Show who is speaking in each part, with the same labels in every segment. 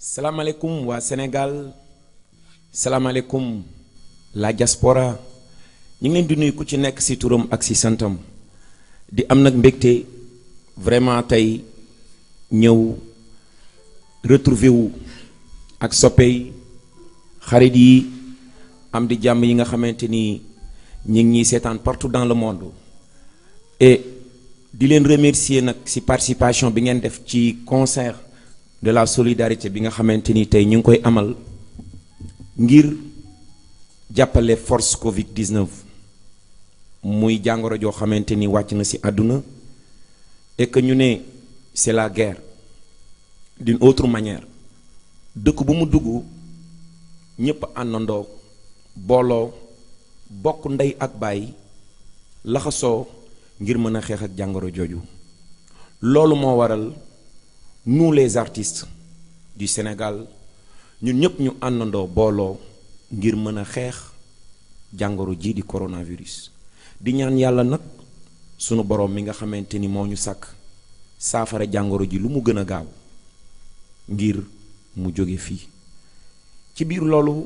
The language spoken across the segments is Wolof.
Speaker 1: salaamaaleykum waa Sénégal salaamaaleykum la diaspora ñu ngi leen di nuyu ku ci nekk ci turam ak ci santam di am nag mbégte vraiment tey ñëw retrouvé wu ak soppe xarit yi am di jàmm yi nga xamante ni ñu ngi ñuy seetaan partout dans le monde et di leen remercier nag ci participation bi ngeen def ci concert de la solidarité bi nga xamante ni tey ñu ngi koy amal ngir jàppale force Covid 19 muy jàngoro joo xamante ni wàcc na ci àdduna et ñu ne c'est la guerre d'une autre manière dëkk bu mu dugg ñépp àndandoo booloo bokk ndey ak baay laxasoo ngir mën a xeex ak jàngoro jooju loolu moo waral. nous les artistes du Sénégal ñun ñëpp ñu àndandoo booloo ngir mën a xeex jàngoro ji di coronavirus di ñaan yàlla nag sunu borom mi nga xamante ni moo ñu sàkk saafara jàngoro ji lu mu gën a gaaw ngir mu jóge fii ci biir loolu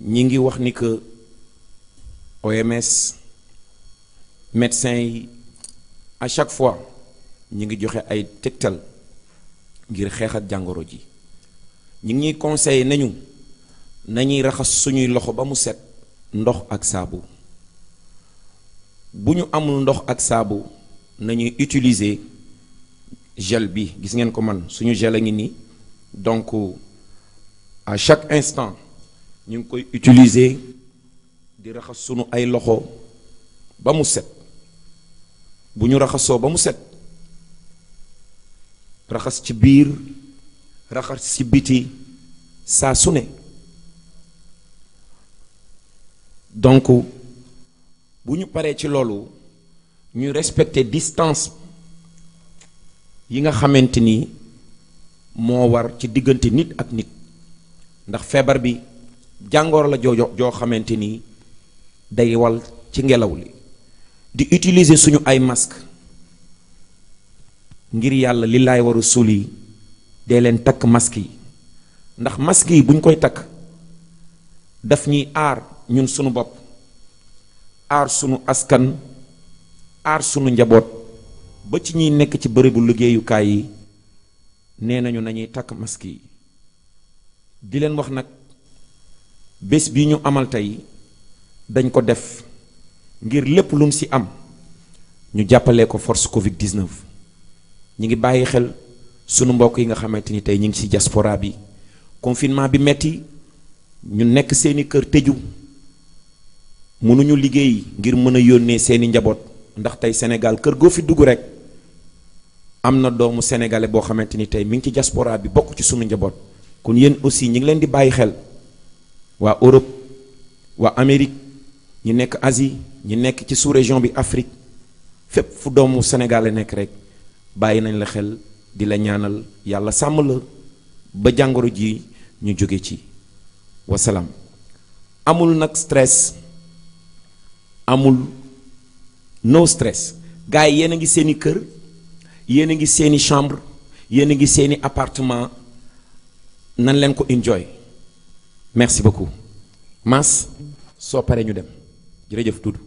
Speaker 1: ñi ngi wax ni que OMS médecins yi à chaque fois ñu ngi joxe ay tegtal ngir xeex jàngoro ji ñu ngi ñuy conseillé nañu nañuy raxas suñuy loxo ba mu set ndox ak saabu bu ñu amul ndox ak saabu na ñuy utiliser gel bi gis ngeen ko man suñu gel a ngi nii donc à chaque instant ñu ngi koy utiliser di raxas suñu ay loxo ba mu set bu ñu raxasoo ba mu set raxas ci biir raxas ci biti saa su ne donc bu ñu paree ci loolu ñu respecter distance yi nga xamante ni moo war ci diggante nit ak nit ndax feebar bi jàngoor la joo joo xamante ni day wal ci ngelaw li di utiliser suñu ay masque ngir yàlla li laay waru suuli yi dee leen takk maski yi ndax masque yi buñ koy takk daf ñuy aar ñun sunu bopp aar sunu askan aar sunu njaboot ba ci ñuy nekk ci bërëbu liggéeyukaay yi nee nañu nañuy takk maski yi di leen wax nag bés bi ñu amal tey dañ ko def ngir lépp luñ si am ñu jàppale ko force Covid 19. ñi ngi bàyyi xel sunu mbokk yi nga xamante ni tey ñu ngi ci diaspora bi confinement bi metti ñu nekk seeni kër tëju mënuñu liggéey ngir mën a yónnee seeni njaboot ndax tey Sénégal kër goo fi dugg rek am na doomu sénégalais boo xamante ni tey mi ngi ci diaspora bi bokk ci sunu njaboot kon yéen aussi ñi ngi leen di bàyyi xel waa Europe waa Amérique ñi nekk asi ñi nekk ci sous-région bi Afrique fépp fu doomu sénégalais nekk rek bàyyi nañ la xel di la ñaanal yàlla sàmm la ba jàngoro ji ñu jóge ci wasalaam amul nag stress amul no stress gars yi yéen a ngi seeni kër yéen a ngi seeni chambre yéen a ngi seeni appartement nan leen ko enjoy merci beaucoup Mass soo paree ñu dem jërëjëf Doudou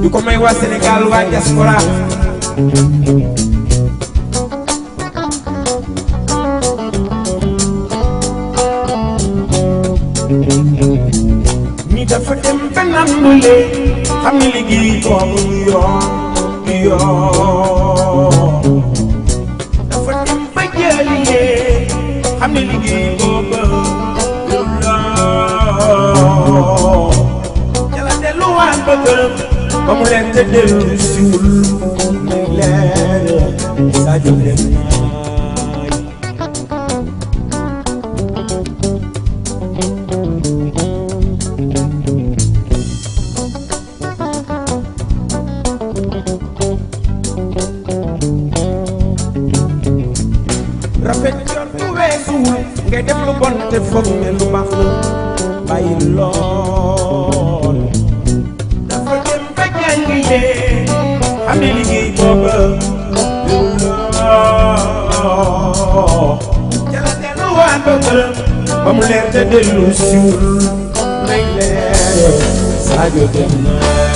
Speaker 1: ñu ko may waa Sénégal waa diaspora ñi dafa dem ba naan xam ni liggéey boobu du yoon dafa dem ba jëlee xam ni liggéey boobu du yoon jala ba gërëm ba mu leen te dellu siwul muy leer saa jóg dem te dellu siwul
Speaker 2: nay leer
Speaker 1: Sadio dem na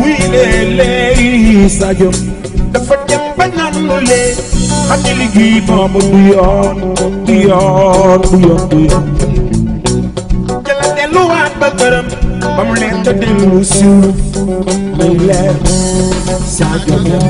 Speaker 1: wuy lee lee Sadio dafa dem ba naan lee xam ne liggéey boobu du yoon du yoon du yoon du yoon. jëla delluwaat ba këram ba mu leen da dellu si muy leer Sadio dem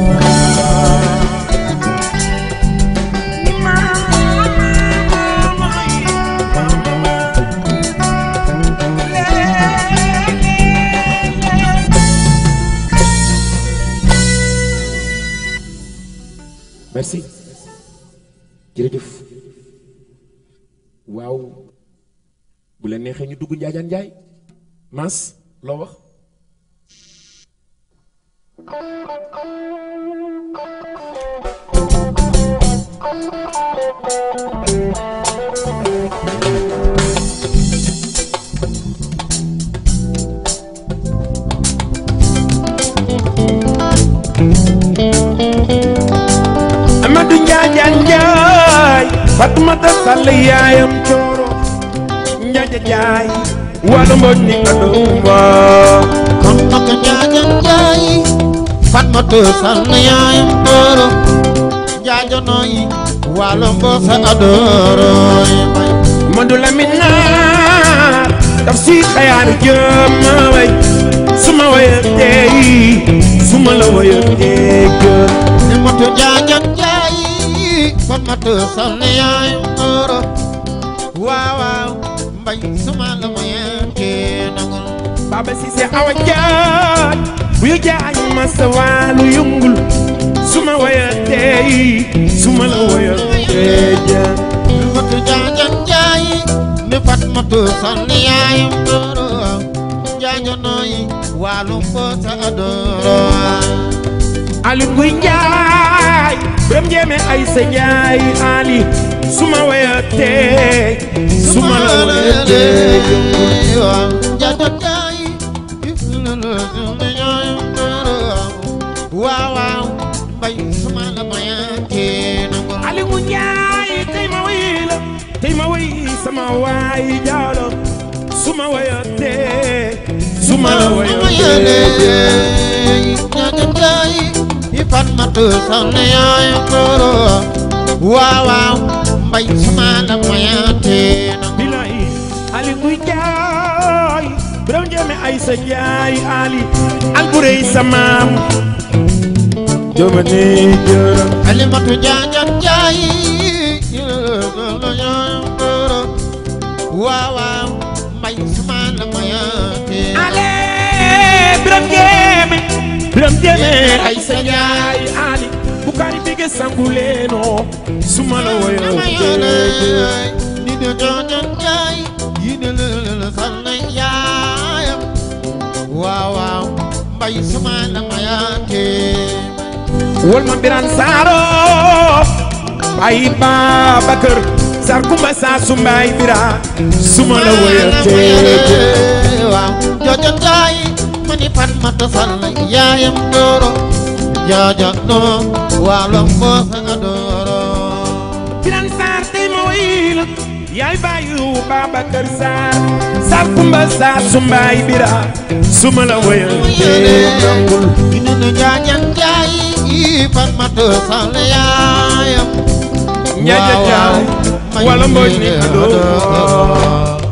Speaker 1: neexee ñu dugg Njaajaan Njaay Mass loo wax. Amadou Njaajaan Njaay Fatoumata Sall yaayam jaaja jaay wala mbooj ni aduba kon naka jaaja jaay Fatma tuusal
Speaker 3: na yaayam dooro jaaja nooy wala mboosa adooro
Speaker 1: Madu Lamin naar daf si xayaaru jëm ma way suma waya tey suma la waya tey gër ne moto jaaja jaay
Speaker 3: Fatma tuusal na yaayam dooro waaw waaw mbay sama la ma yem nangul
Speaker 1: baba si se awa buy jaaj ma sa waalu yungul suma wayatee suma la wayatee jaaj
Speaker 3: lu fat jaay ne fat ma tu sanni yaayam dooro jaajanooy waalum ko sa adooro
Speaker 1: ali buy jaaj bam jeeme ay sa jaay ali suma wéyatee suma la wéyatee waaw la wéyatee Aliou Ndiaye tey ma wéy la ma wéy sama waay jaalo suma wéyatee suma
Speaker 3: mbay sama
Speaker 1: la mayaate na bilaay ali kuy jaay borom jëme ay sa jaay ali alburey samaam jëme ne jërëm ali matu jaajam jaay
Speaker 3: waaw waaw mbay sama la mayaate
Speaker 1: ale borom jëme borom jëme ay sa jaay bege sanguleeno sumala woyo
Speaker 3: ni de jonjon jay yi de lele sanna yaayam waaw waaw mbay sama la mayate
Speaker 1: wol ma biran saaro bay Babakar sar kumba sa sumbay bira sumala woyo
Speaker 3: waaw jonjon jay mani pan mata sanna yaayam doro jaaja no waa lom boo fa nga dooroon Birane Sarr tey ma wéy la yaay bàyyu Babacar Sarr
Speaker 1: Sarr Kumba Sarr su mbaay bira su ma la wéyal dee yombul ina nu
Speaker 3: njaajan jaay yi fan ma too sax la yaayam njaajan jaay walla ni adoor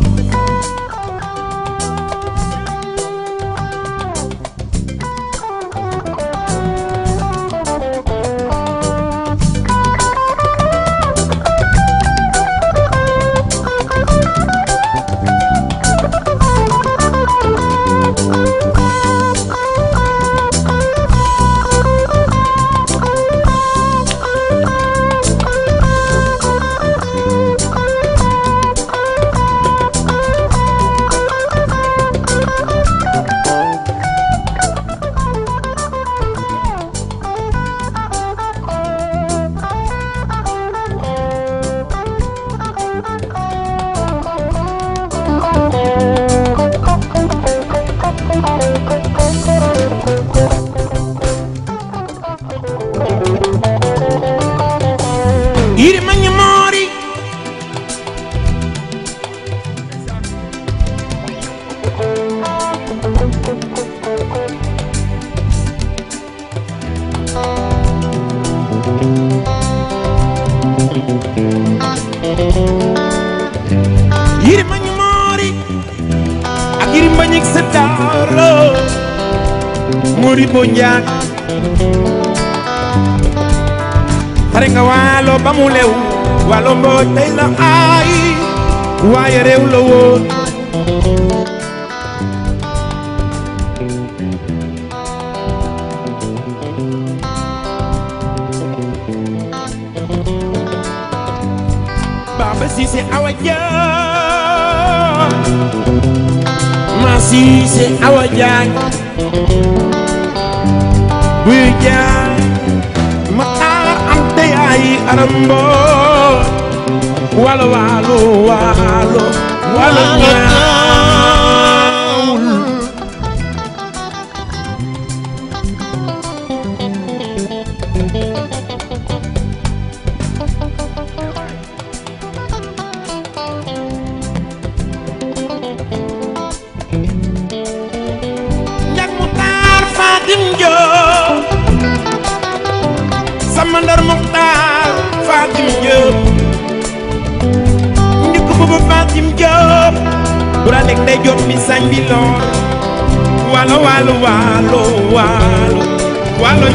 Speaker 1: xare nga waalo ba mu lew waalo mbooj tey la ay waaye réew la woon baaba siise awa jaay maa siise awa jaay buy jaay arambo walo walo walo walo ñaawul rek day jot mi sañ bi lool waalo waalo waalo waalo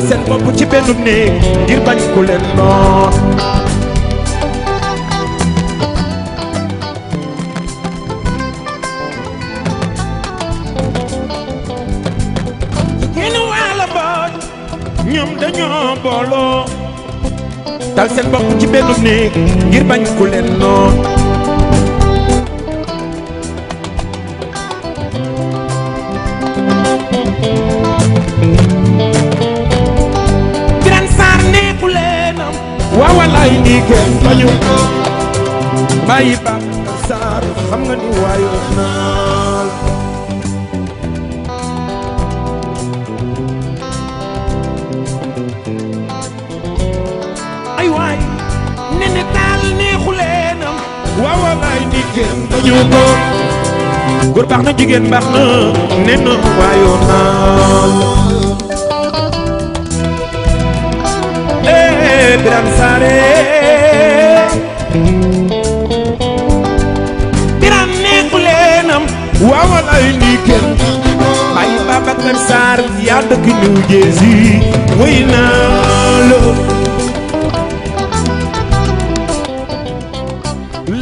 Speaker 1: taal seen bopp ci benn néeg ngir bañ ku leen noon ñenn waala mbooj ñoom dañoo booloo taal seen bopp ci benn néeg ngir bañ ku leen noon xam nga ni waayu ay waay nene taal neexu leenam waaw wallaay ni baax na jigéen baax na nen waayu ay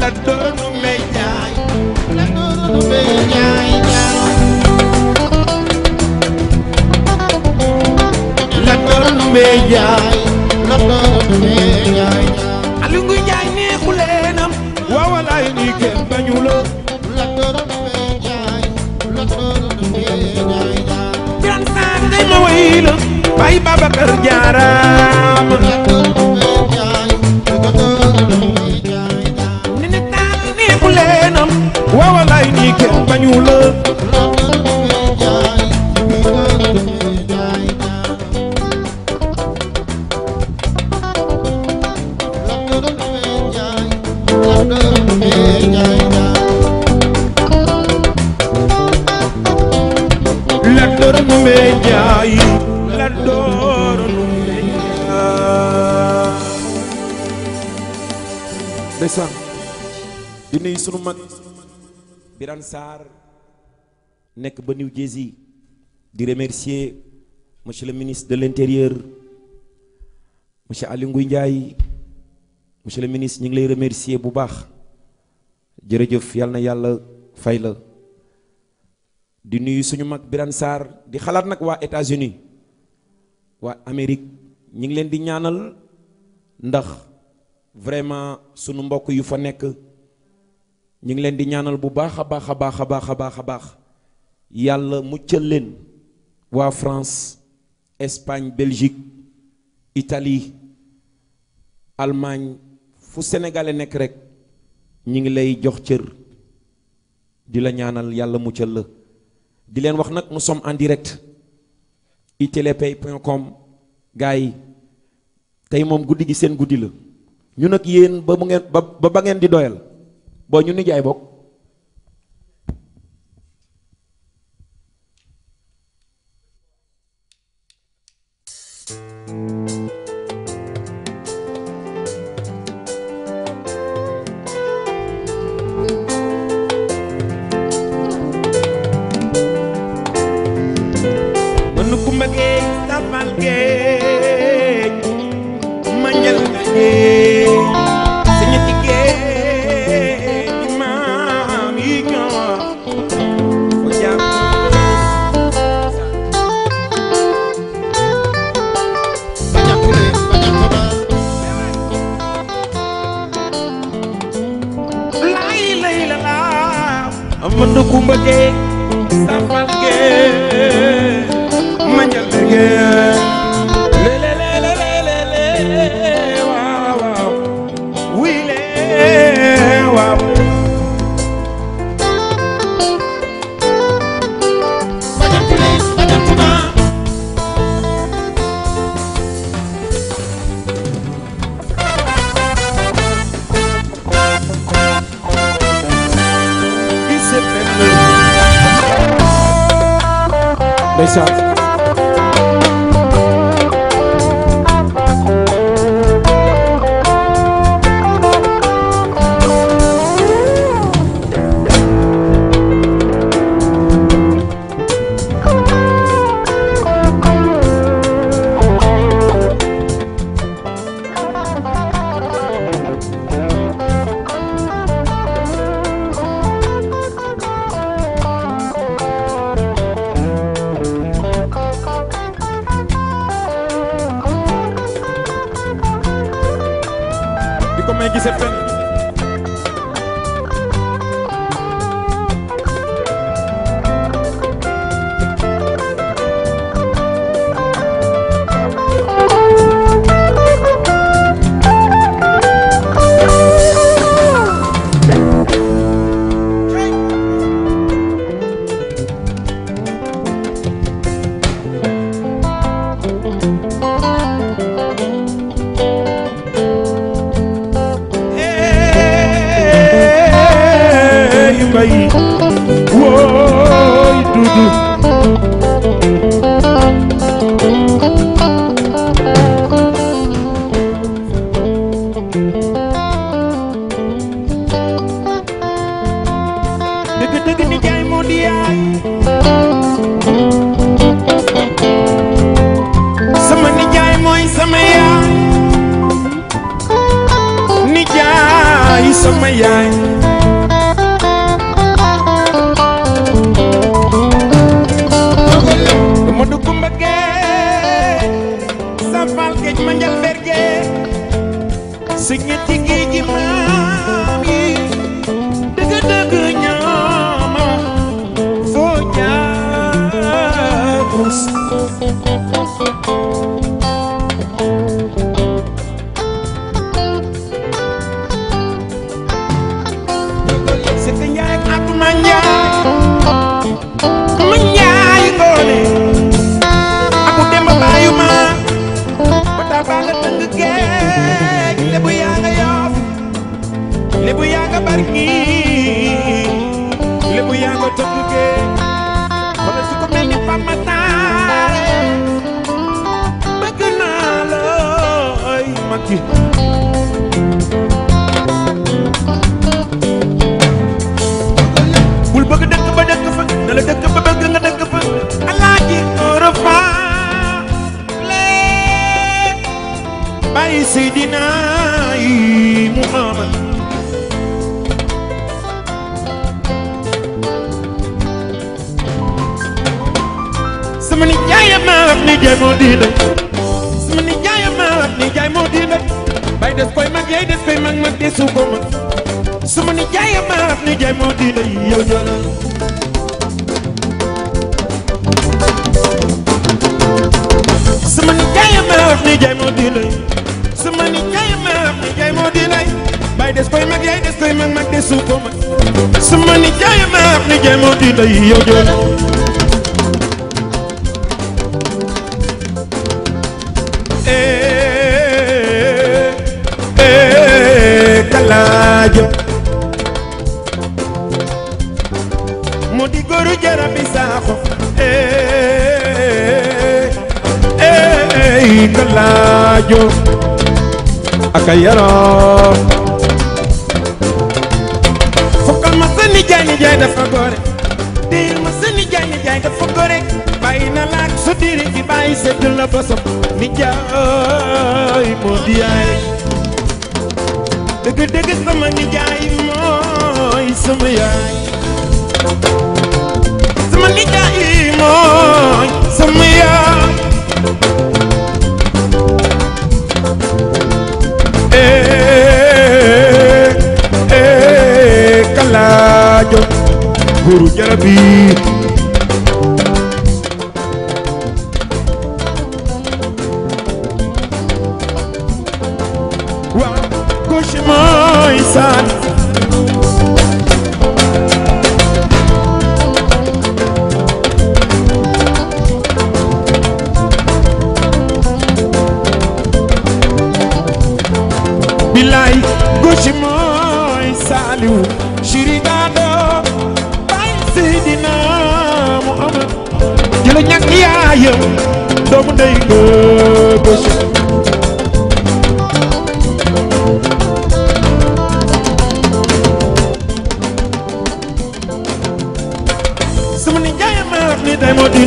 Speaker 1: la doonu may la doonu may jaay
Speaker 3: la doonu may jaay la doonu may jaay
Speaker 1: Aliou lii la Baye Babacar jaaraama ne ne taal leenam waawalaay nii kenn bañu la tey sunu mag Birane Sarr nekk ba New Jersey di remercier monsieur le ministre de l'intérieur monsieur Aly Ngouille Ndiaye monsieur le ministre ñu ngi lay remercier bu baax jërëjëf yàlla na yàlla fay la di nuyu suñu mag Birane Sarr di xalaat nag waa États-Unis waa Amérique ñu ngi leen di ñaanal ndax vraiment sunu mbokk yu fa nekk ñu ngi leen di ñaanal bu baax a baax a baax a baax a baax a baax yàlla muccal leen waa France Espagne Belgique Italie Allemagne fu sénégalais nekk rek ñu ngi lay jox cër di la ñaanal yàlla muccal la di leen wax nag nous sommes en direct itelepay.com gars yi tey moom guddi gi seen guddi la ñu nag yéen ba mu ngeen ba ba ngeen di doyal boo ñu nijaay bokk mën na kumba gee sambal gee manjal gee Ndeysaan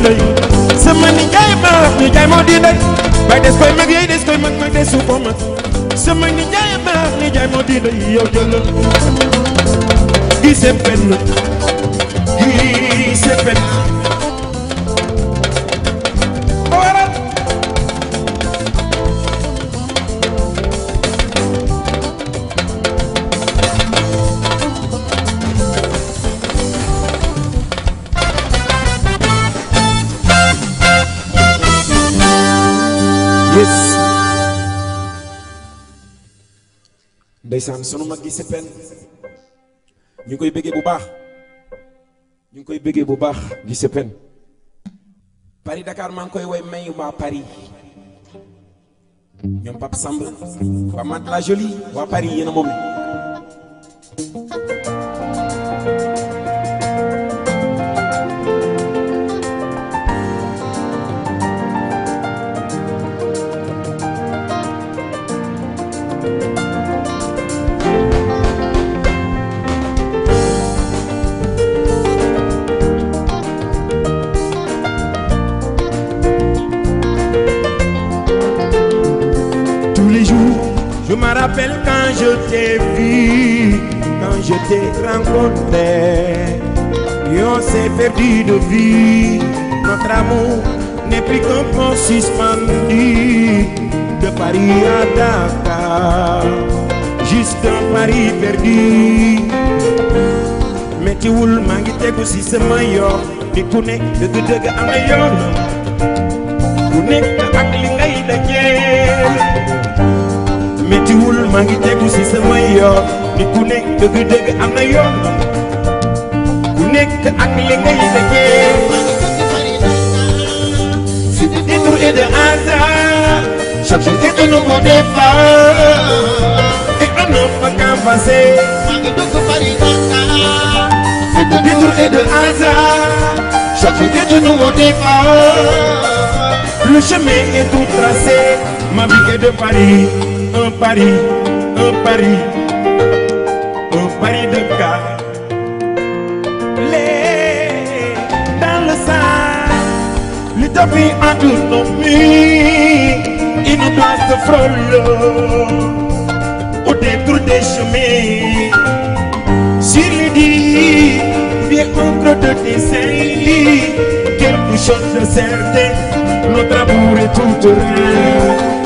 Speaker 1: ndey sama nijaay ma nijaay moo di ndey bay des koy mag yey des koy mag mag des su ko mag sama nijaay ma nijaay moo di ndey yow jëlal gise benn gise benn ndeysaan sunu mag gi seppeen ñu koy bëggee bu baax ñu ngi koy bëggee bu baax gi seppeen Paris Dakar maa ngi koy woy mayu waa Paris ñoom Pape Samb waa Mat la Jolie waa Paris yéen a moom rappelle quand je t'ai vu, quand je t'ai rencontré. Et s'est perdu de vue. Notre amour n'est plus qu'un pont suspendu de Paris à Dakar. Juste un Paris perdu. méttiwul maa ngi tegu moytuwul maa ngi tegu ci sama yoon nit ku nekk dëgg-dëgg am na yoon ku nekk ak li ngay nekkee si de détour et de hasard chaque jour est un nouveau
Speaker 3: départ et un autre qu'un passé maa ngi dugg Paris
Speaker 1: c'est de détour et de hasard chaque jour est un nouveau départ le chemin est tout tracé ma vie est de Paris pari un pari un pari de cas les dans le sang l'utopie entoure nos murs une de frôlots au détour des chemins sur le dit vient ombre de dessin quelque chose de notre amour est tout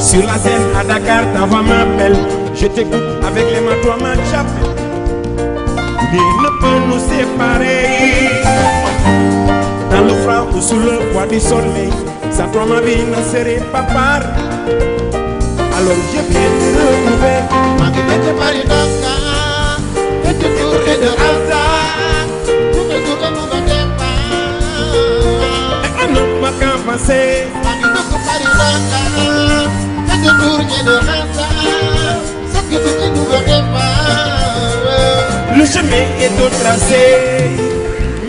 Speaker 1: Sur la à Dakar, ta voix m'appelle. Je t'écoute avec les mains, toi ma chapelle. Rien ne peut nous séparer. le froid ou le poids du soleil, sans toi ma vie n'en serait Alors je viens te retrouver. Ma vie de Paris dans
Speaker 3: et de Tour et de hasard. Tout le jour de mon départ.
Speaker 1: Et un homme m'a qu'avancé.
Speaker 3: Le chemin est au tracé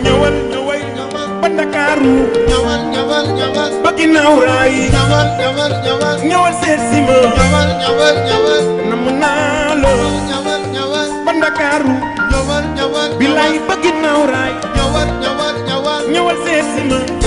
Speaker 3: ñëwal ñëwal ba Ndakaaru ñëwal ñëwal ñëwal ba ginnaaw raay ñëwal ñëwal ñëwal ñëwal seet si ma ñëwal ñëwal ñëwal namm naa la ñëwal ñëwal ba Ndakaaru ñëwal ñëwal bilaay ba ginnaaw raay ñëwal ñëwal ñëwal ñëwal seet si ma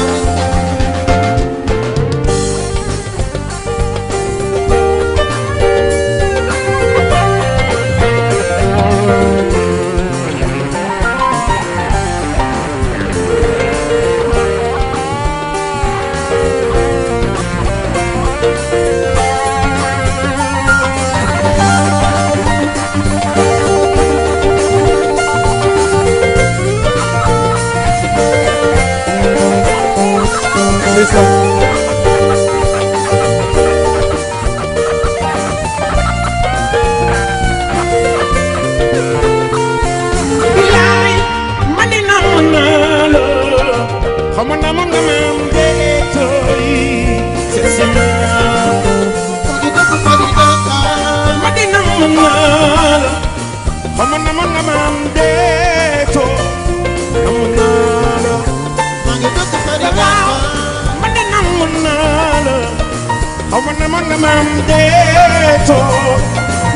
Speaker 1: na maam deetoo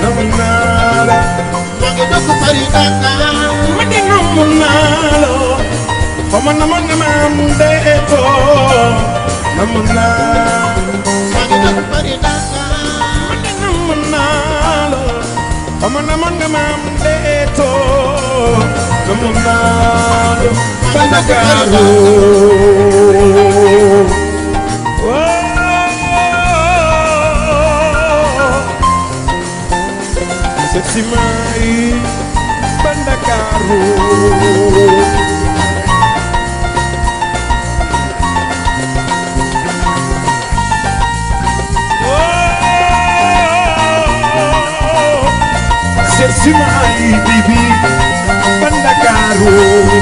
Speaker 1: namu naa la maa ngi dëkk Paris Dakar ma di namu naa la xaw ma namoon na maam deetoo namu naa maa ngi dëkk Paris Dakar ma di namu naa la xaw ma namoon na maam deetoo namu naa la ba Ndakaaru te ciment yi ba Ndakaaru seet ciment yi bi bi ba Ndakaaru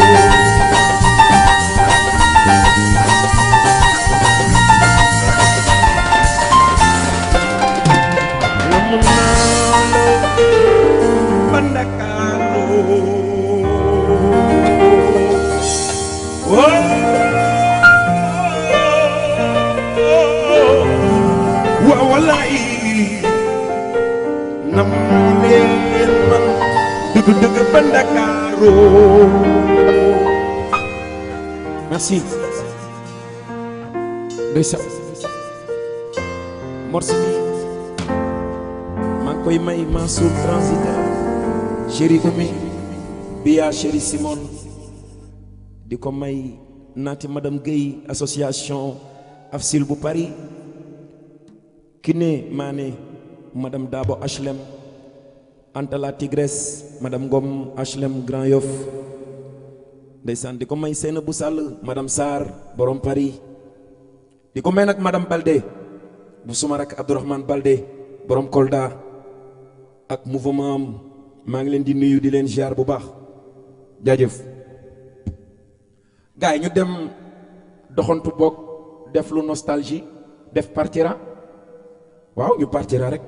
Speaker 1: ba koy may Mansour transitaire chéri Oumy Bia chéri Simone di ko may naati madame Guèye association Afsil bu Paris Kiné Mané madame Dabo HLM Anta la Tigresse madame Ngom HLM Grand Yoff di ko may Seyna bu Sall madame Sarr borom Paris di ko may nag madame Balde bu suma rak Abdourahmane Balde borom Kolda ak mouvement maa ngi leen di nuyu di leen ziar bu baax jaajëf gars yi ñu dem doxantu boog def lu nostalgie def partira waaw ñu partira rek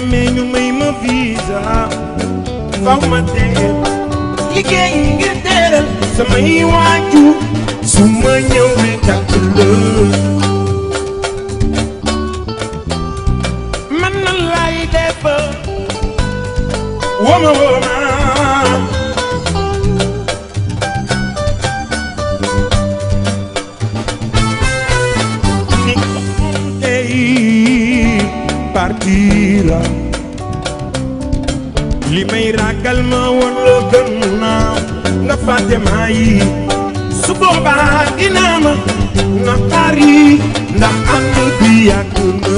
Speaker 1: demee ñu may ma visa faw ma teel liggéey ngir teeral samay waajur su ma ñëwee takk la man nan laay def li may ragal ma woon la gën naa nga fàtte maa yi su i dinaa ma naqari ndax ànd bi yàgg na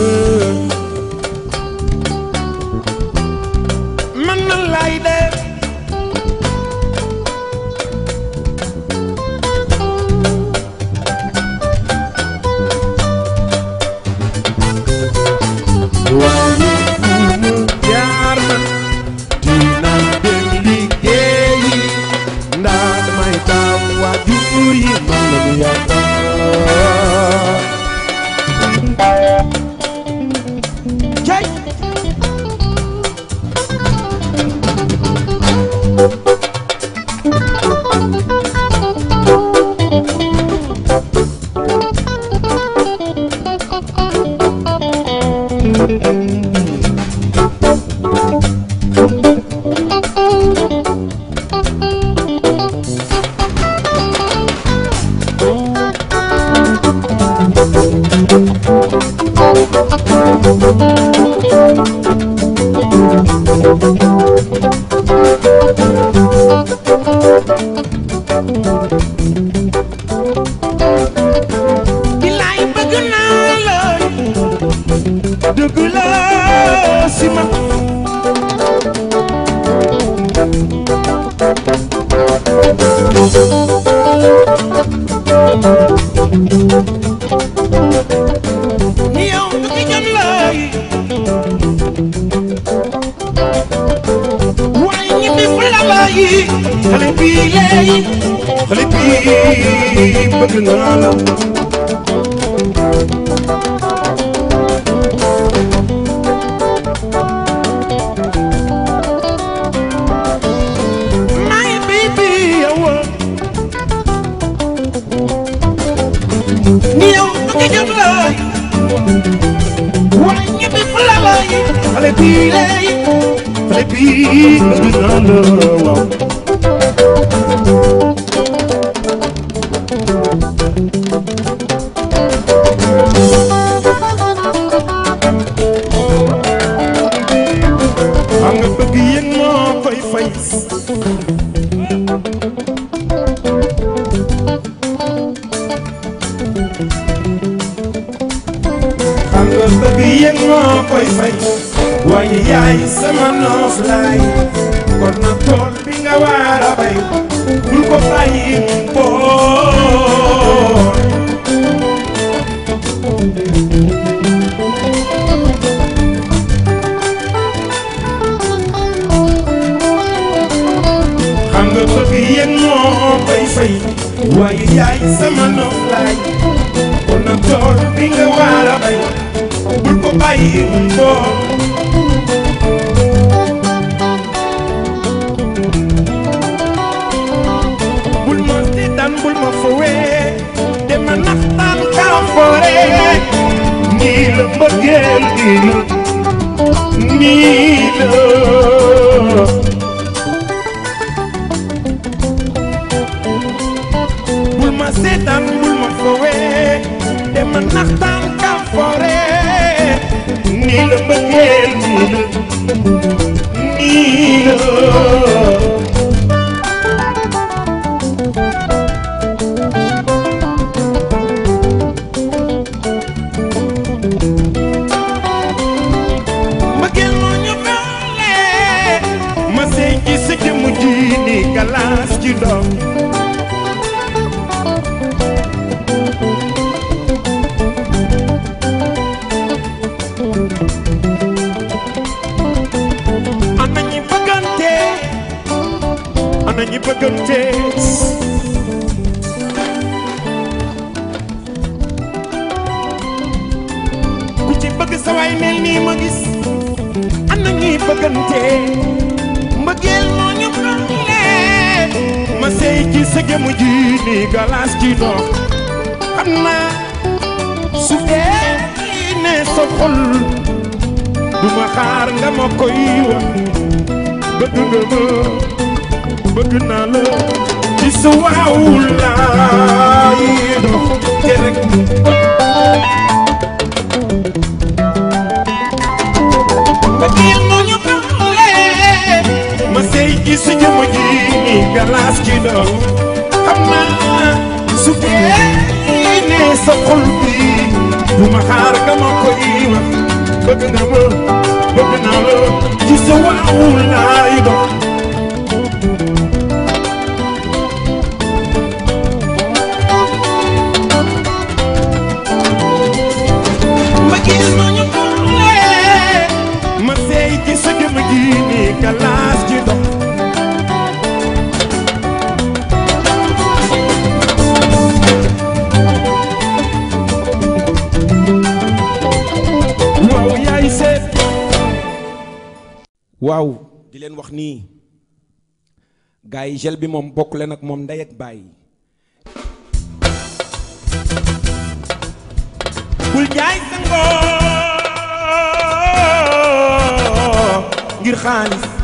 Speaker 1: gars yi gel bi moom bokk leen ak moom ndey ak baay bul jaay sangoo ngir xaalis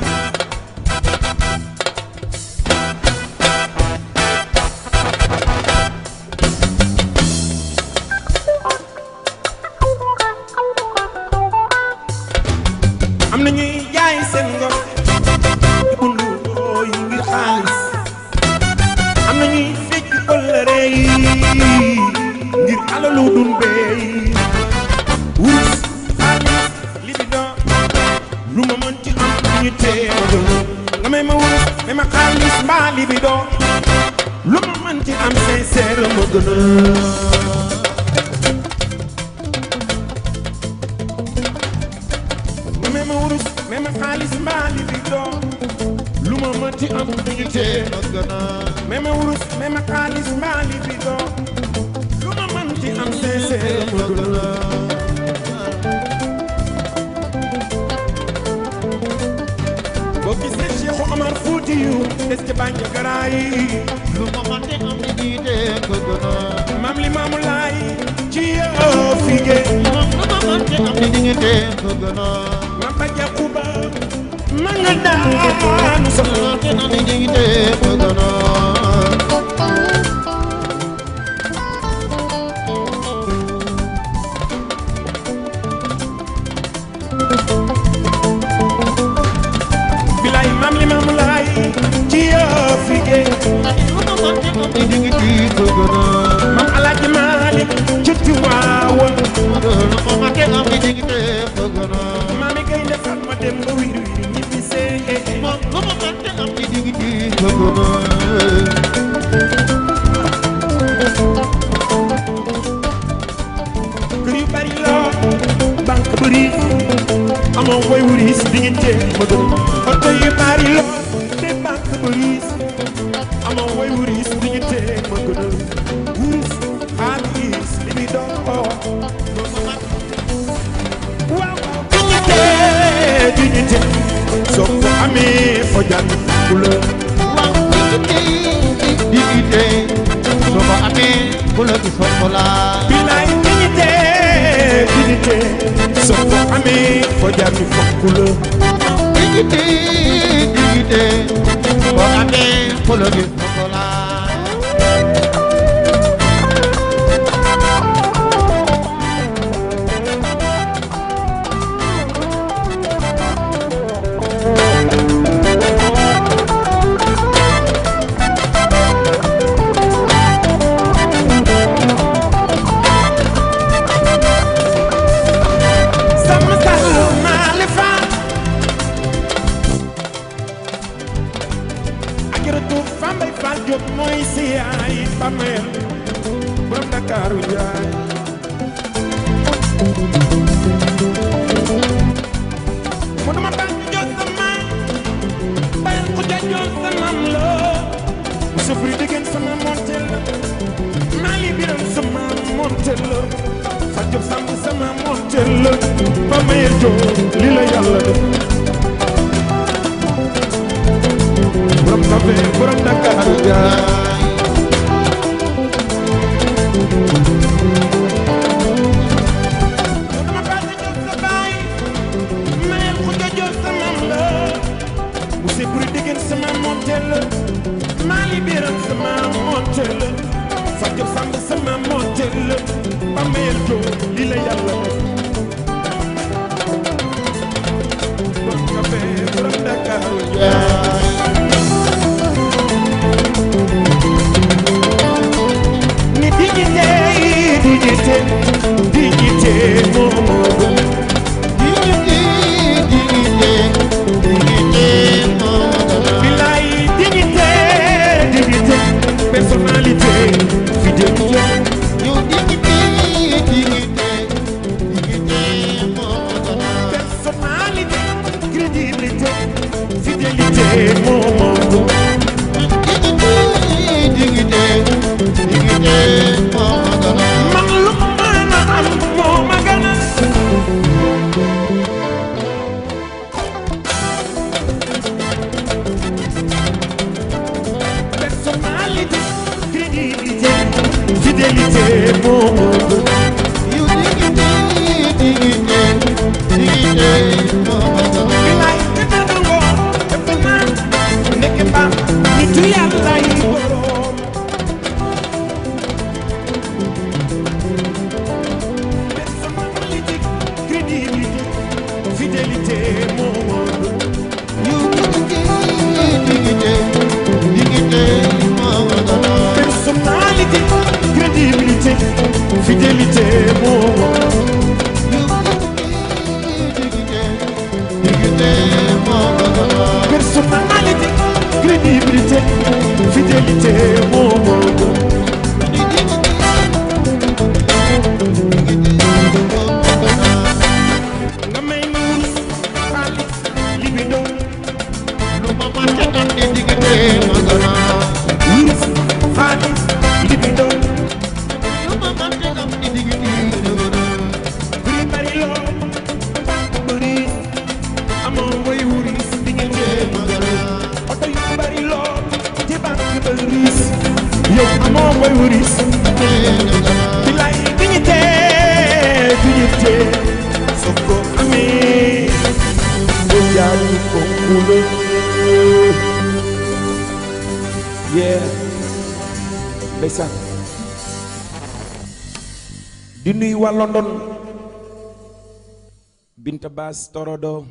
Speaker 3: crédibilité, fidélité,
Speaker 2: mon monde.
Speaker 1: Abbas Torodo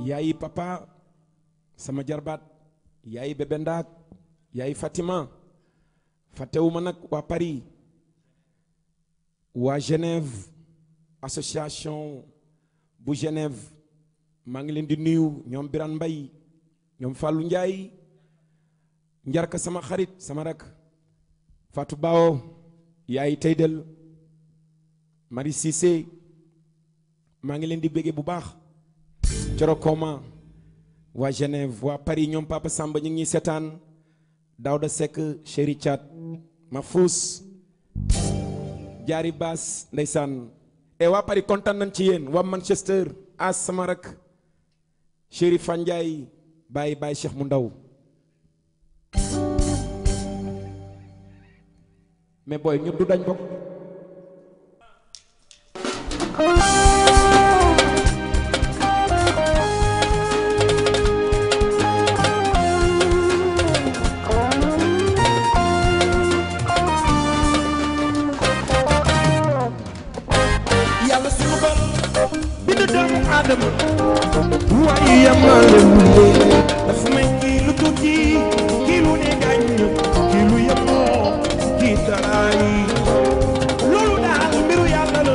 Speaker 1: yaayi papa sama jarbaat yaayi bébé ndaak yaayi Fatima fàttewuma nag waa Paris waa Genève association bu Genève maa ngi leen di nuyu ñoom Birane Mbaye ñoom Fallou Ndiaye njarka sama xarit sama rak Fatou Bao yaayi Teydel Marie Cissé maa ngi leen di béggee bu baax coro koma waa Genève waa Paris ñoom Papa Samba ñu ngi ñuy seetaan Daouda Seck Chéri Thiat Mafous Jaari Baas ndeysaan e waa Paris kontaan nañ ci yéen waa Manchester as sama rak Chéri Fandiaye bàyyi bàyyi Cheikh mu ndaw mais ñëpp du dañ bokk
Speaker 2: adama waaye yamale wu leen dafa mel kii lu tuuti kii lu ne gàññ kii lu yemoo kii taraay loolu daal mbiru yàlla la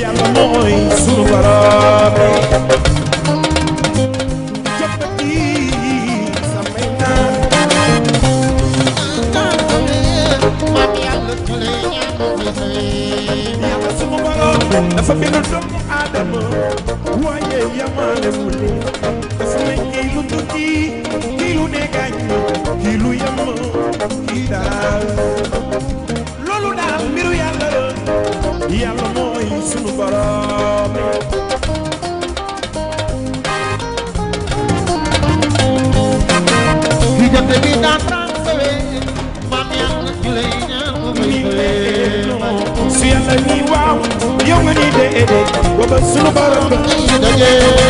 Speaker 2: yàlla mooy sunu boroom
Speaker 1: dafa bind doomu Aadama réew yamale wu leen su nañ kay dund kii kii lu ne gaañ kii lu yam kii daal loolu daal mbiru yàlla la yàlla mooy sunu borom kii jante bi daan daan sawe maam yàlla ci lay ñaan mu may sawe su yàlla nii waaw yow nga nii déedéet ba ba yé.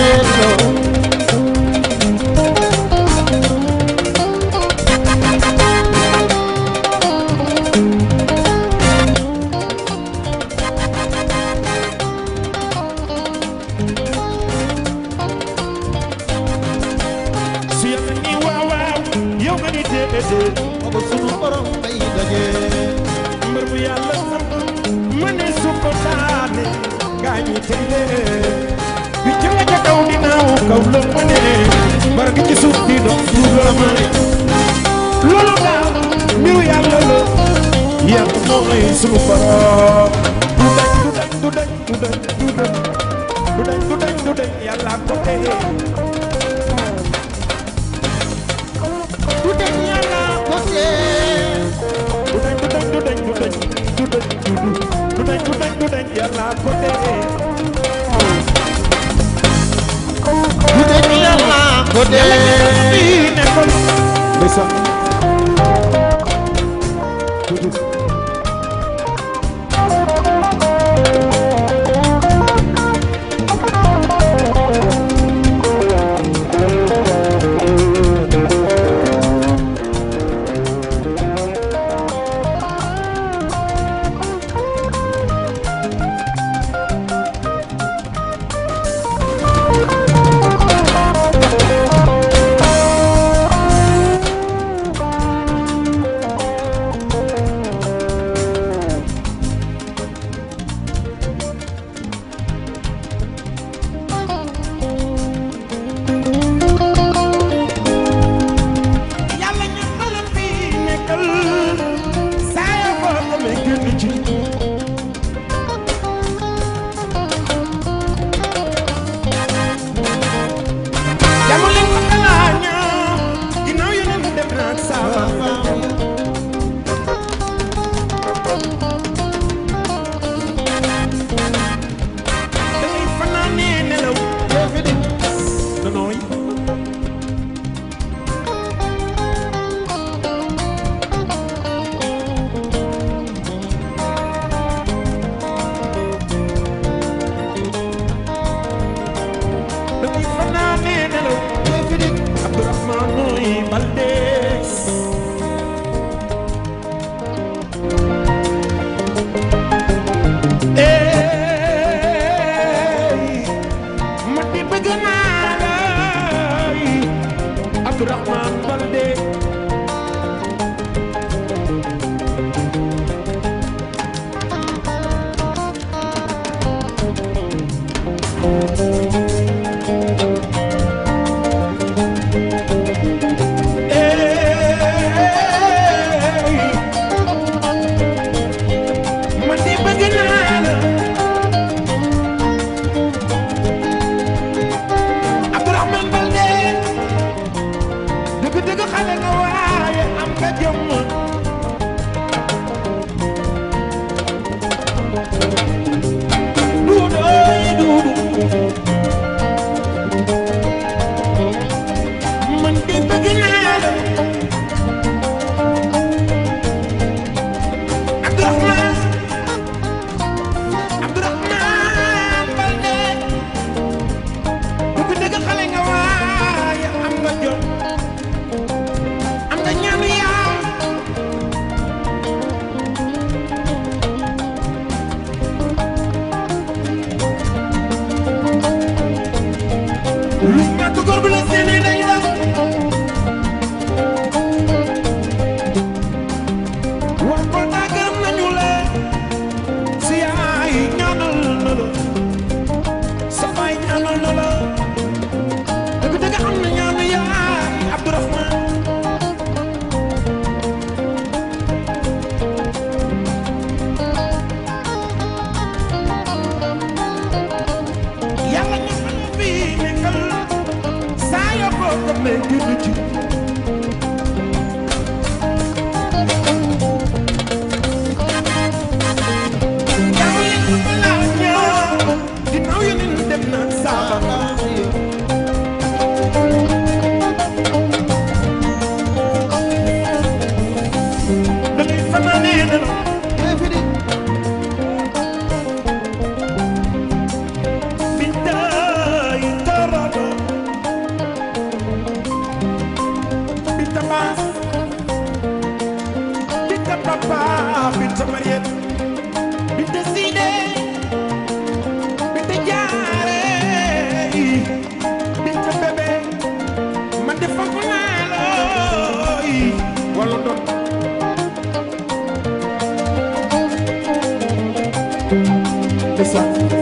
Speaker 1: Patricia.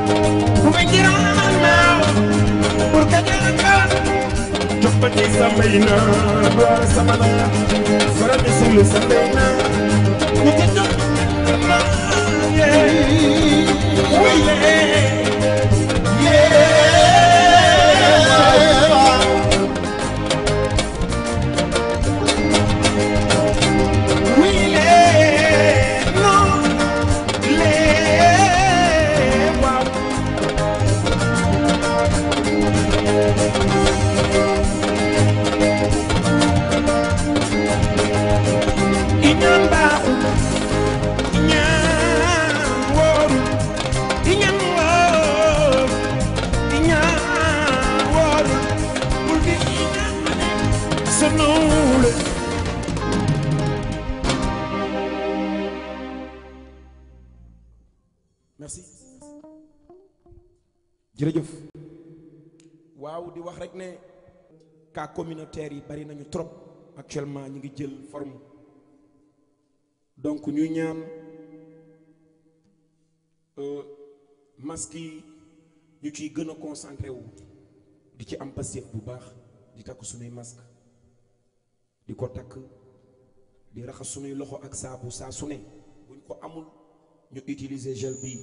Speaker 1: ci samba yi na ba samba na fara mi sulu samba yi na ku ci dëkk na yee cas communautaire yi bari nañu trop actuellement ñu ngi jël forme donc ñu ñaan euh, masque yi ñu ciy gën a concentré wu di ci am passeef bu baax di takk suñuy masque di ko takk di raxas suñuy loxo ak saabu saa su ne buñ ko amul ñu utiliser gel bii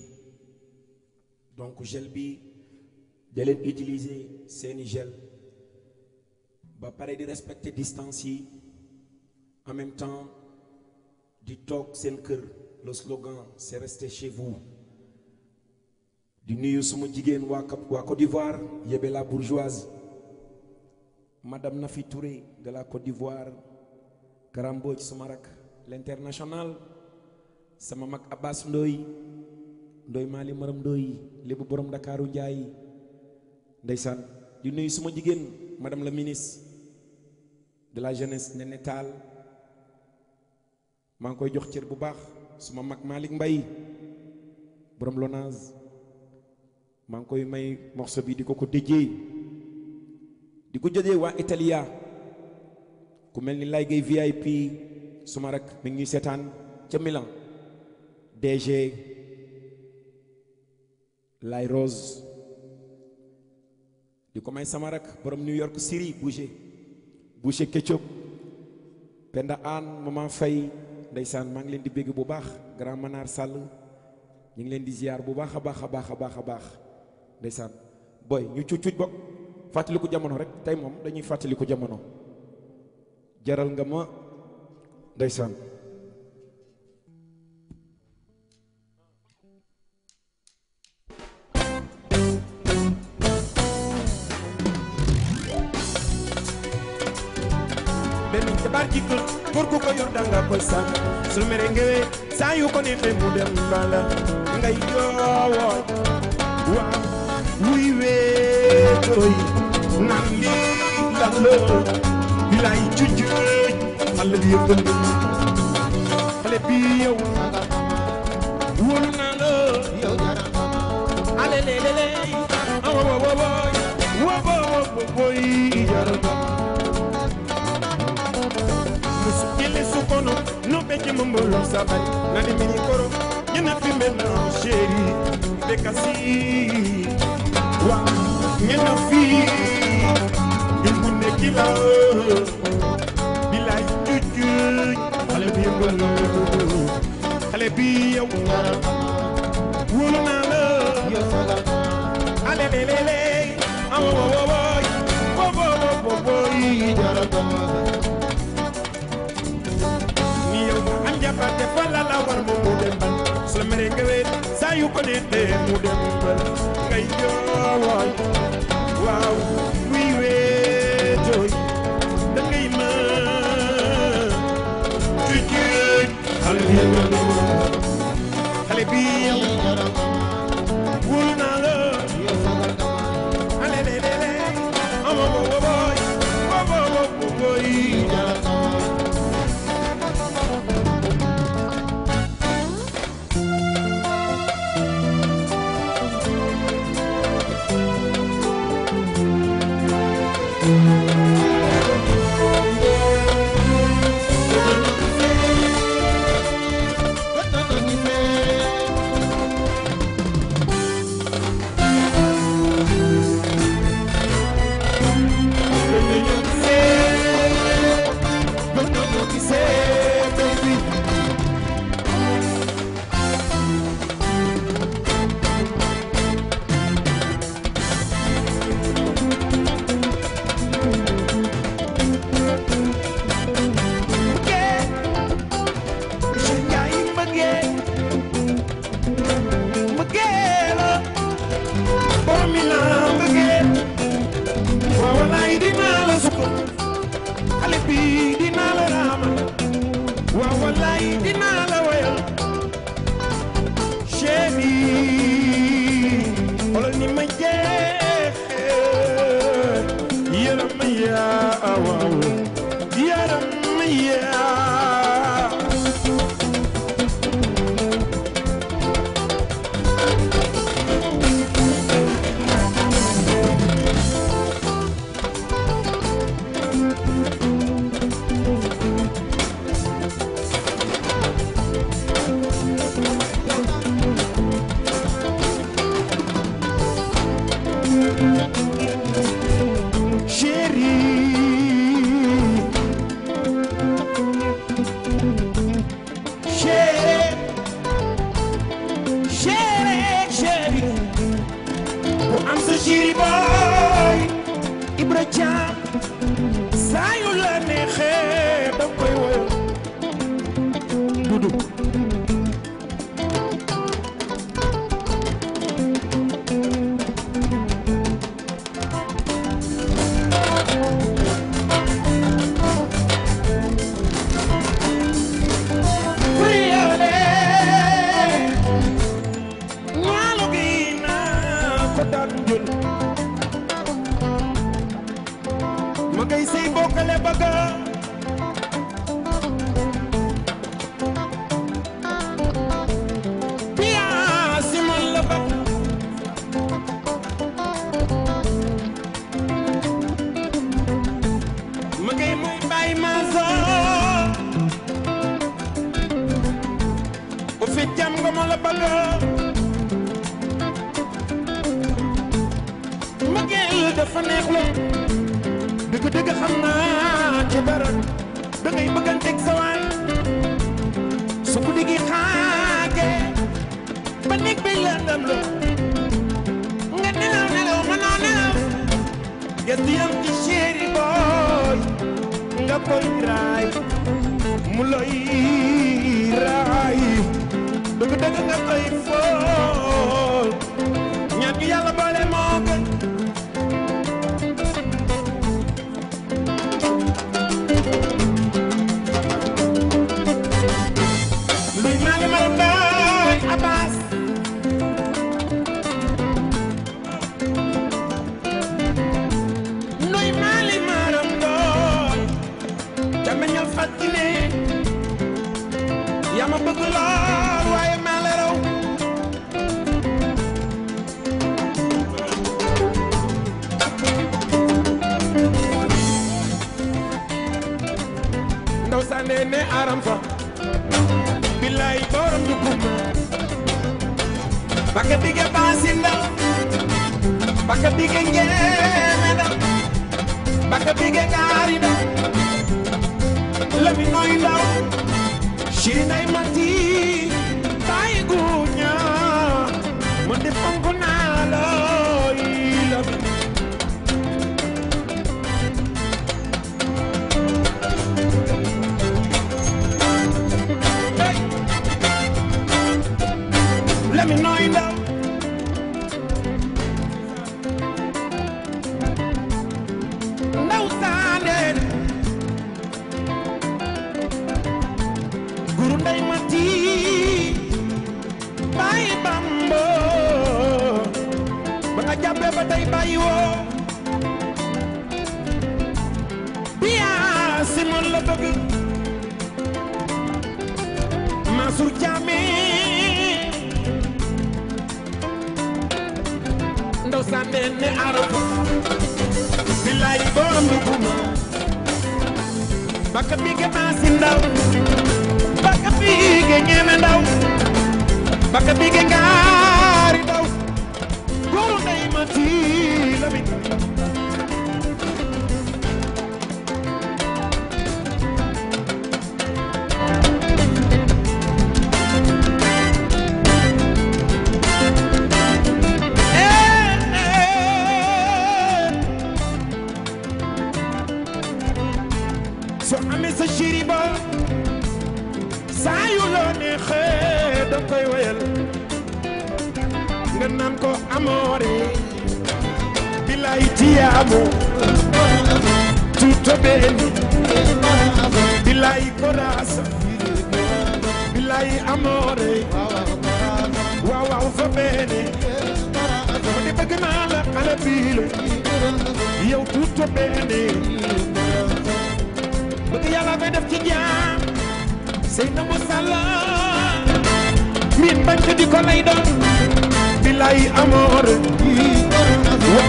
Speaker 1: donc gel bii da leen utiliser seeni gel ba pare di respecter distance yi en même temps di toog seen kër le slogan c'est rester chez di nuyu suma jigéen waa Cap waa Côte d'Ivoire yebe la bourgeoise madame Nafi Touré de la Côte d'Ivoire Karambo ci suma rak l'international sama mag Abbas Ndoy Ndoy Mali Maram Ndoy lébu borom Ndakaaru Njaay ndeysaan di nuyu suma jigéen madame la ministre de la jeunesse nénétal maa ngi koy jox cër bu baax suma mag Malick mbay boroom Lonase maa ngi koy may morceau bi di ko ko déjee di ko jëjee waa Italia ku mel ni lay gay VIP suma rak mi ngi ñuy seetaan ca Milan DG lay Rose di ko may sama rak borom New York City bougé bu Boucher Ketchup Penda Anne Maman Faye ndeysaan maa ngi leen di bégg bu baax grand Manar sàll ñu ngi leen di ziar bu baax a baax a baax a baax a baax ndeysaan booy ñu cuuc cuuc fàttaliku jamono rek tey moom dañuy fàttaliku jamono jaral nga ma ndeysaan jàmbaar ci kër góor gu ko yor danga koy sànq su mere ngewee saa yu ko neexee mu dem bala ngay joowoon waaw wuy weetooy naan lii lan la bilaay cujuuj xale bi yëngal nga xale bi yow wóolu naa la yow ale lelele awa wa wa wa wa wa wa wa Kima mbolo sabay nani mini koro Nyene fimbe na sheri Bekasi Wa nyene fi Yumbune kila Bila juju Hale bi mbolo Hale bi yow Wulu na la Hale lelele Awo wo wo wo Wo wo wo wo wo Jarabama am jàppante fa la la war mu mu dem ban su la meree nga weet saa yu ko neexee mu dem ban ngay jooy waaw wii wee jooy da ngay mën ci jéeg xale bi yow wóolu naa la yaay amoore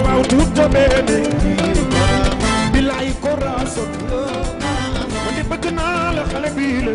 Speaker 1: waaw tuuto beene bilaay ko raso man di bëgg naa la xale bii la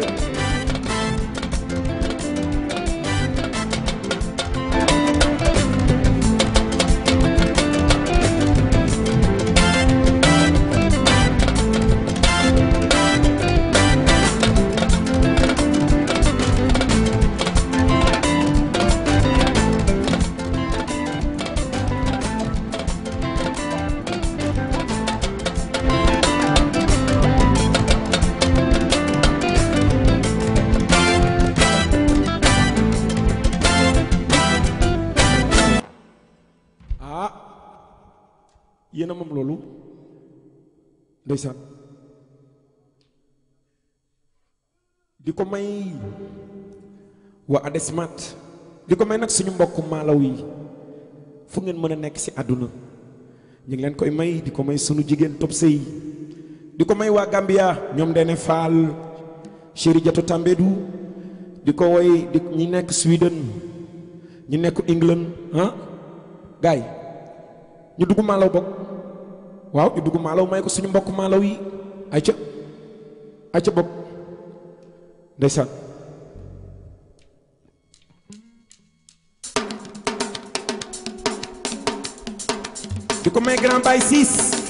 Speaker 1: ndeysaan di ko may waa adesmat di ko may nag suñu mbokk maalaw yi fu ngeen mën a nekk ci àdduna ñu ngi leen koy may di ko may sunu jigéen topp sëy di ko may waa Gambia ñoom dene faal chéri jato di ko woy di ñi nekk Sweden ñi nekk England ah. gaay ñu dugg maalaw bokk waaw ñu dugg maalaw may ko suñu mbokk maalaw yi ay ca ay ca bopp ndeysaan ko may grand bay siis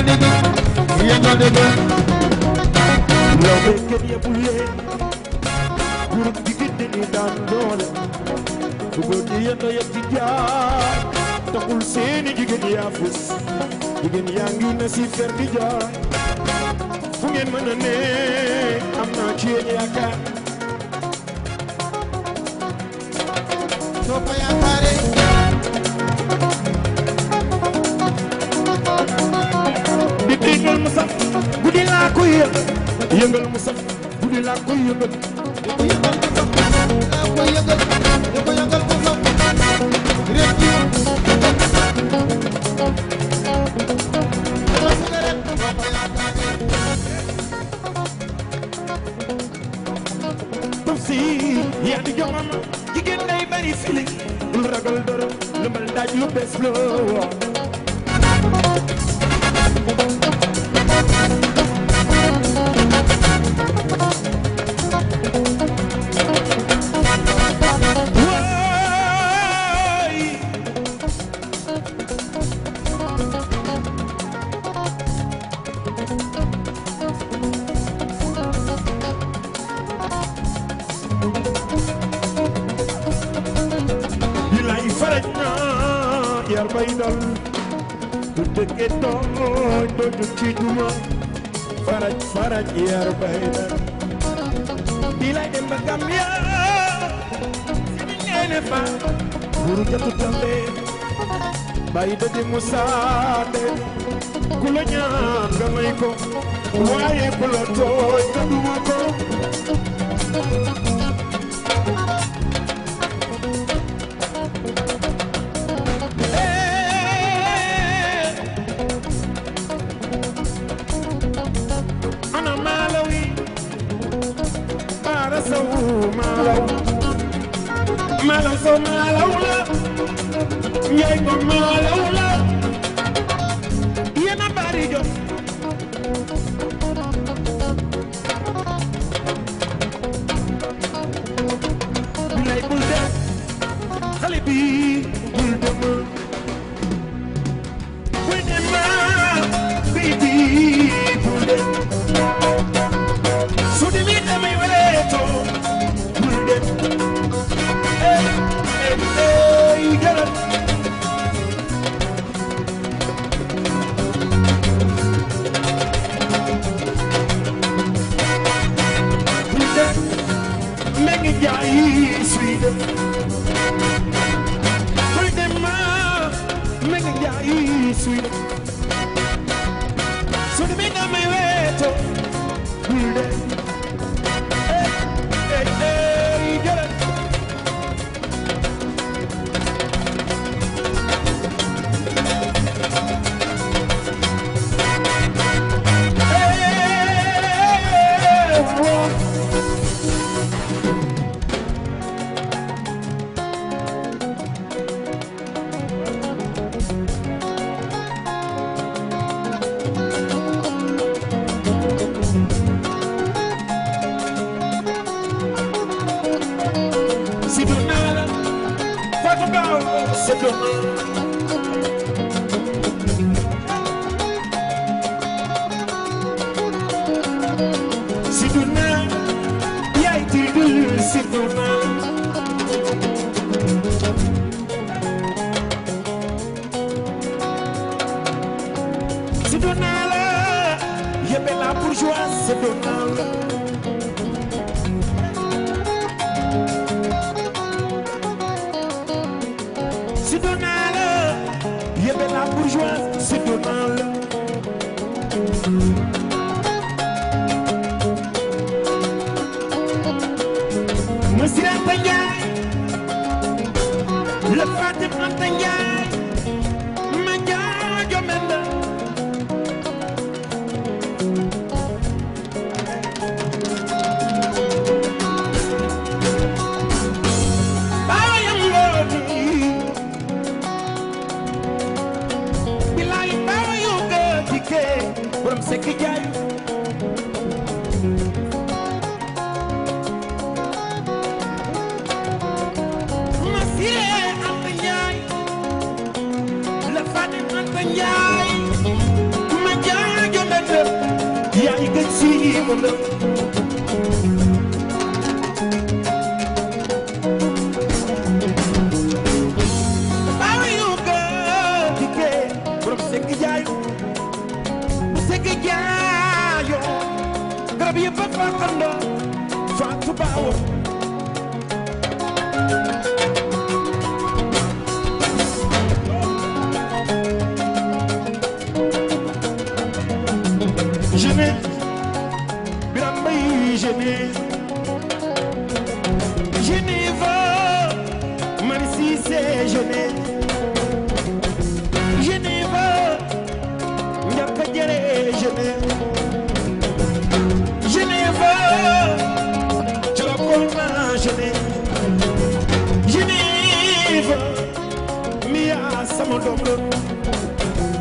Speaker 2: nga dégg yéen nga dégg
Speaker 1: lawbe kenn yebul leen gurum jigéen dañuy daan doole su góor ñi yéen a yëpp ci jaar taxul seeni jigéen yaa fës jigéen yaa ngi na si fer di jaar fu ngeen mën a ne am naa ci yéen yaakaar soo ko yaakaaree yëngal mu saf guddi laa koy yëngal yëngal mu saf guddi laa koy yëngal yëngal mu saf laa koy yëngal yëngal yëngal mu saf rek tafsir yaa di jox mama jigéen ngay bari fili lu ragal dara lu mbal daaj lu bees loo thank you ajiar bayna bila dem ba Gambia sini nene fa buru jatu tambe bayi dadi musaade kulo ñaan nga may ko waaye kulo tooñ nga duma ko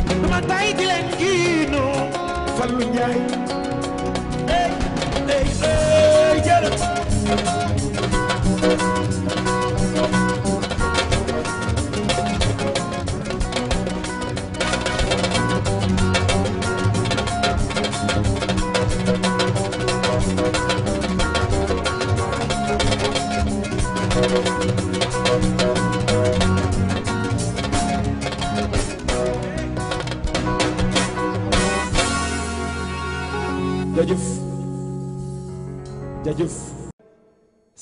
Speaker 1: duma tay di leen giinu Fallou Ndiaye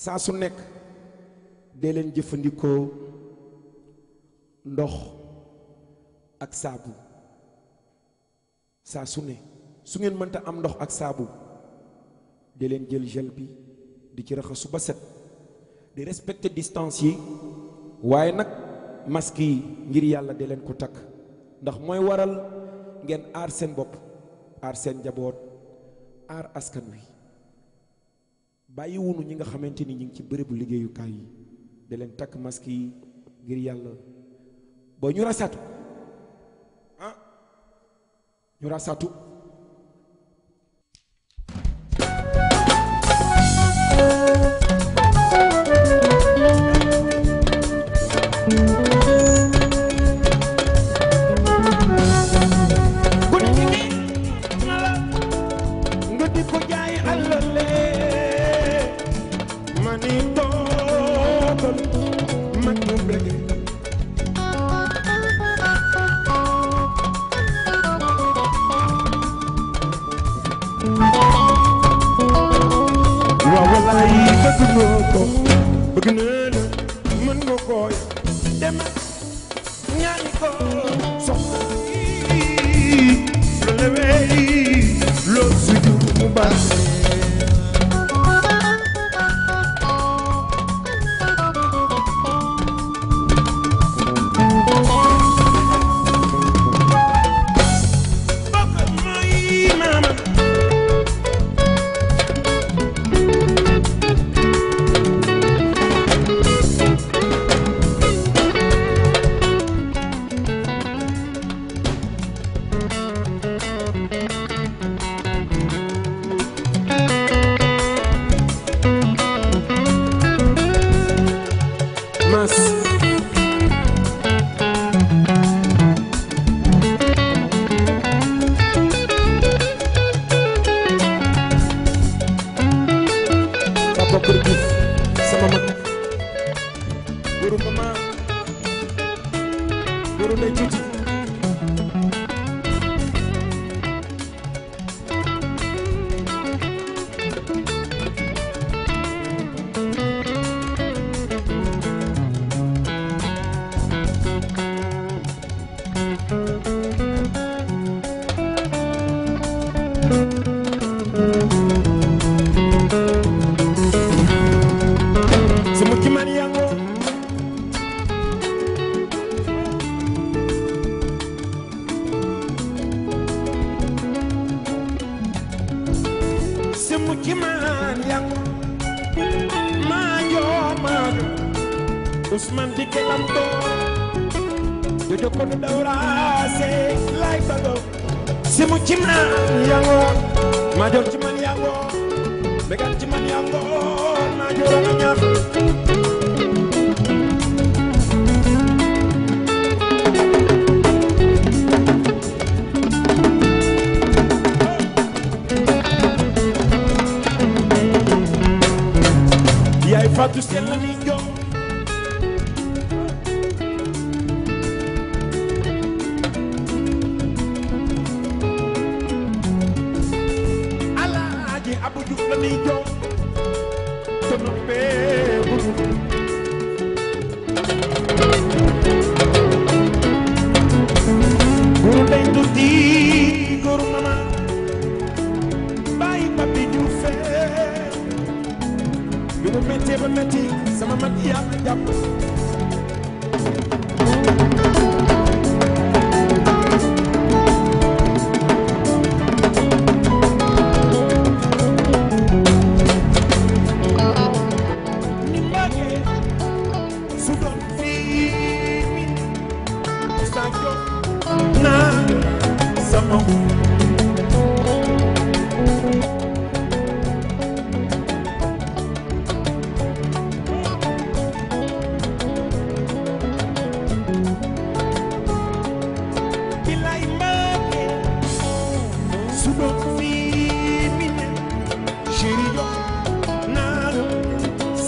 Speaker 1: saa su nekk dee leen jëfandikoo ndox ak saabu saa su ne su ngeen mënta am ndox ak saabu dee leen jël gel bi di ci raxasu ba set di respecter distance yi waaye nag masque yi ngir yàlla dee leen ko takk ndax mooy waral ngeen aar seen bopp aar seen njaboot aar askan wi bàyyi wunu ñi nga xamante ni ñu ngi ci bërëbu liggéeyukaay yi da leen takk masque yi ngir yàlla boo ñu rasatu ah ñu rasatu koy dem ñaani ko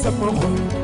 Speaker 1: sama xol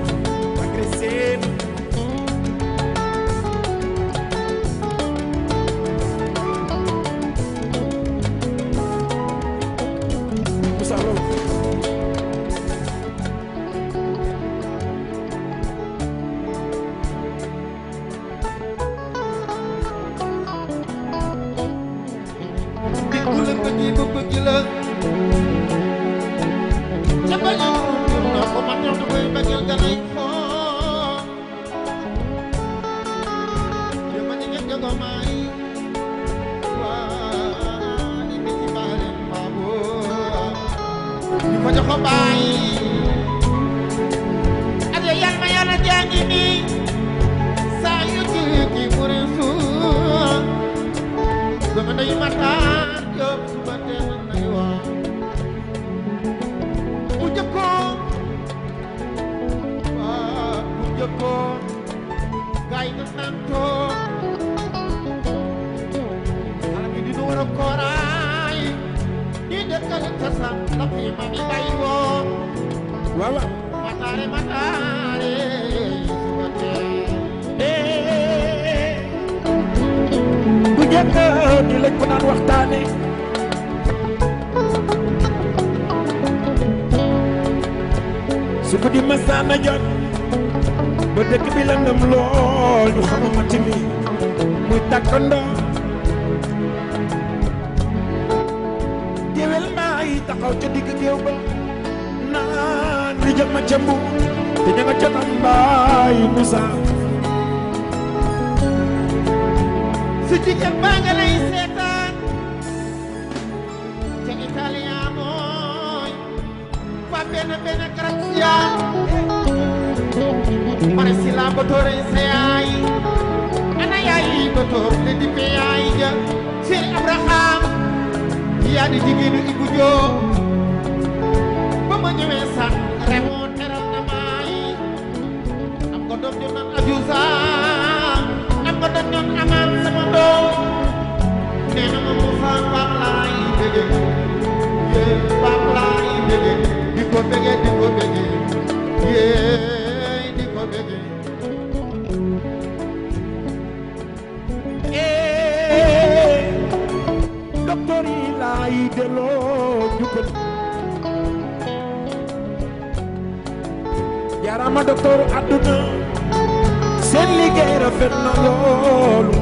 Speaker 1: rafet na loolu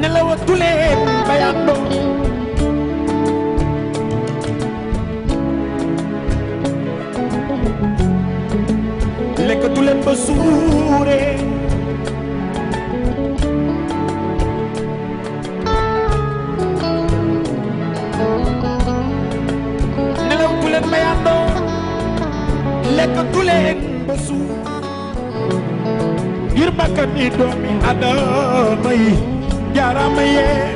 Speaker 1: nelawatu leen bayandoo lekkatu leen ba suuree takkuleen ba suuf ngir bakkan yi doomi adama yi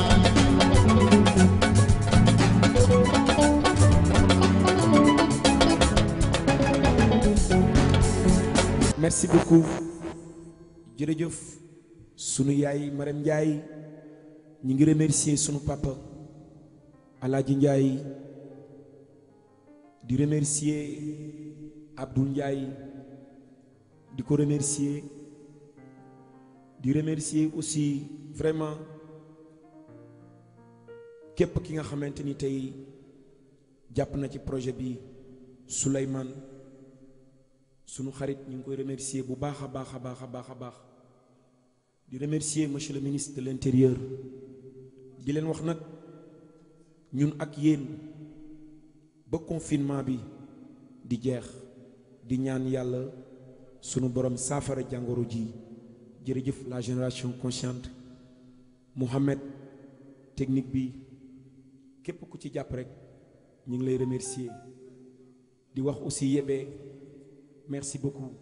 Speaker 1: merci beaucoup jërëjëf sunu yaay Marème Ndiaye ñu ngi remercier sunu papa Alaaji Ndiaye di remercier Abdoul Ndiaye di ko remercier di remercier aussi vraiment képp ki nga xamante ni tey jàpp na ci projet bi Souleymane sunu xarit ñu ngi koy remercier bu baax a baax a baax a baax a baax di remercier monsieur le ministre l'intérieur di leen wax nag ñun ak yéen ba confinement bi di jeex di ñaan yàlla sunu borom saafara jàngoro ji jërëjëf la génération consciente Mohamed technique bi képp ku ci jàpp rek ñu ngi lay remercier di wax aussi yebee merci beaucoup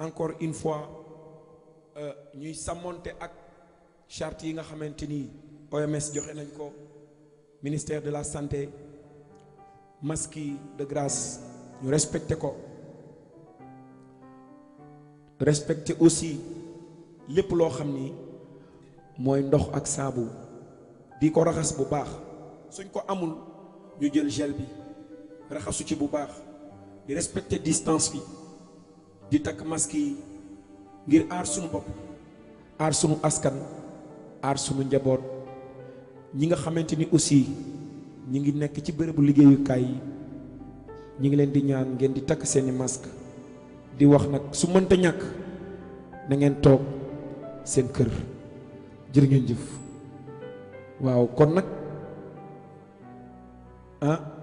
Speaker 1: encore une fois euh, ñuy sàmmonte ak charte yi nga xamante ni OMS joxe nañ ko ministère de la santé maski yi de grâce ñu respecté ko respecté aussi lépp loo xam ni mooy ndox ak saabu di ko raxas bu baax suñ ko amul ñu jël gel bi raxasu ci bu baax di respecter distance bi di takk masque yi ngir aar sunu bopp aar sunu askan aar sunu njaboot ñi nga xamante ni aussi ñi ngi nekk ci bërëbu liggéeyukaay yi ñi ngi leen di ñaan ngeen di takk seeni masque di wax nag su mënta ñàkk na ngeen toog seen kër jërë ngeen jëf waaw kon nag ah,